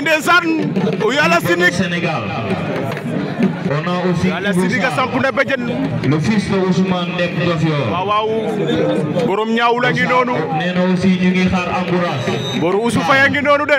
waaye ndeysaan yàlla sinik on a aussi yàlla sinik a samp na bëjën le fils de Ousmane Dem Diofior borom ñaaw ngi noonu nee na aussi ñu ngi xaar ambulance boru Ousou a ngi noonu de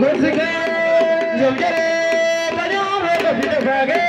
Música, yo quiero, vayamos,